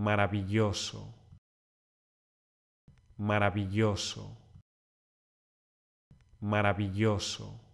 maravilloso, maravilloso, maravilloso.